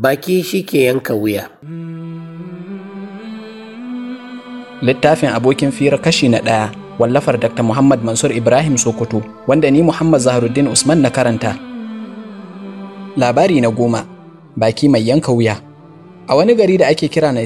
baki shi ke yanka wuya. Littafin abokin fira kashi na ɗaya wallafar Dr. Muhammad Mansur Ibrahim Sokoto wanda ni Muhammad Zaharuddin Usman na karanta. Labari na goma baki mai yanka wuya. A wani gari da ake kira na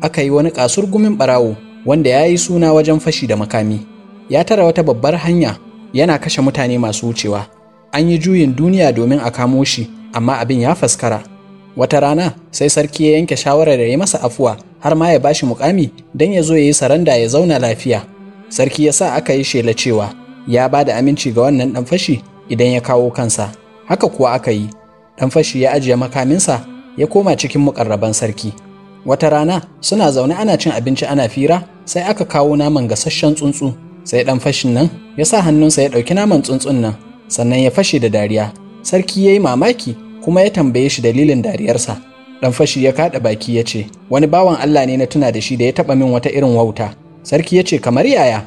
aka yi wani kasur gumin barawo wanda ya yi suna wajen fashi da makami. Ya tara wata babbar hanya yana kashe mutane masu wucewa. An yi juyin duniya domin a kamo shi amma abin ya faskara. wata rana sai sarki ya yanke shawarar ya yi masa afuwa har ma ya bashi mukami don ya zo ya yi saranda ya zauna lafiya sarki ya sa aka yi shela cewa ya ba da aminci ga wannan dan fashi idan ya kawo kansa haka kuwa aka yi dan fashi ya ajiye makaminsa ya koma cikin mukarraban sarki wata rana suna zaune ana cin abinci ana fira sai aka kawo naman gasasshen tsuntsu sai dan fashin nan ya sa hannunsa ya ɗauki naman tsuntsun nan sannan ya fashe da dariya sarki ya yi mamaki kuma ya tambaye shi dalilin dariyarsa Ɗan fashi ya kaɗa baki ya ce wani bawan Allah ne na tuna da shi da ya taba min wata irin wauta sarki ya ce kamar yaya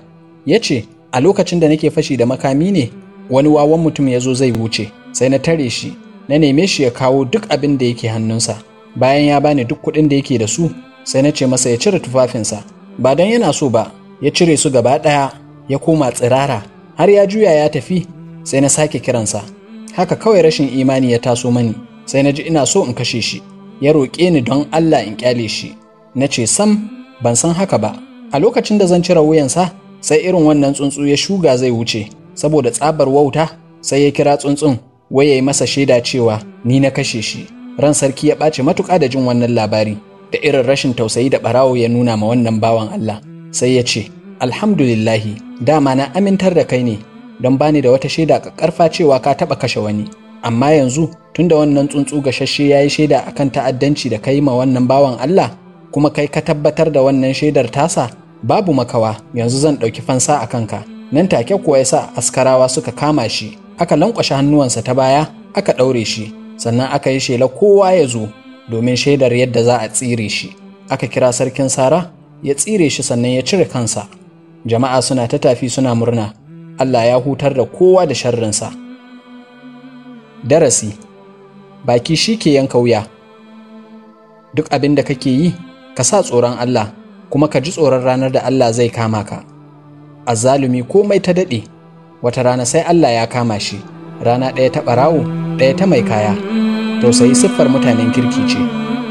ya ce a lokacin da nake fashi da makami ne wani wawan mutum ya zo zai wuce sai na tare shi na neme shi ya kawo duk abin da yake hannunsa bayan ya bani duk kuɗin da yake da su sai na ce masa ya cire tufafinsa ba don yana so ba ya cire su gaba ɗaya ya koma tsirara har ya juya ya tafi sai na sake kiransa haka kawai rashin imani ya taso mani sai na ji ina so in kashe shi ya roƙe ni don Allah in kyale shi na ce sam ban san haka ba a lokacin da zan cire wuyansa sai irin wannan tsuntsu ya shuga zai wuce saboda tsabar wauta sai ya kira tsuntsun wai ya yi masa shaida cewa ni na kashe shi ran sarki ya ɓace matuƙa da jin wannan labari da irin rashin tausayi da ɓarawo ya nuna ma wannan bawan Allah sai ya ce alhamdulillahi dama na amintar da kai ne don bani da wata shaida karfa cewa ka taɓa kashe wani amma yanzu tunda wannan tsuntsu gashashe ya yi shaida akan ta'addanci da ka yi ma wannan bawan Allah kuma kai ka tabbatar da wannan shaidar tasa babu makawa yanzu zan ɗauki fansa a kanka nan take kuwa ya sa askarawa suka kama shi aka lankwashe hannuwansa ta baya aka ɗaure shi sannan aka yi shela kowa ya zo domin shaidar yadda za a tsire shi aka kira sarkin sara ya tsire shi sannan ya cire kansa jama'a suna ta tafi suna murna Allah ya hutar da kowa da sharrinsa. Darasi Baki shi ke yanka wuya Duk abin da kake yi, ka sa tsoron Allah kuma ka ji tsoron ranar da Allah zai kama ka. A zalumi komai ta daɗe, wata rana sai Allah ya kama shi, rana ɗaya ta ɓarawo, ɗaya ta mai kaya. Tausayi siffar mutanen kirki ce.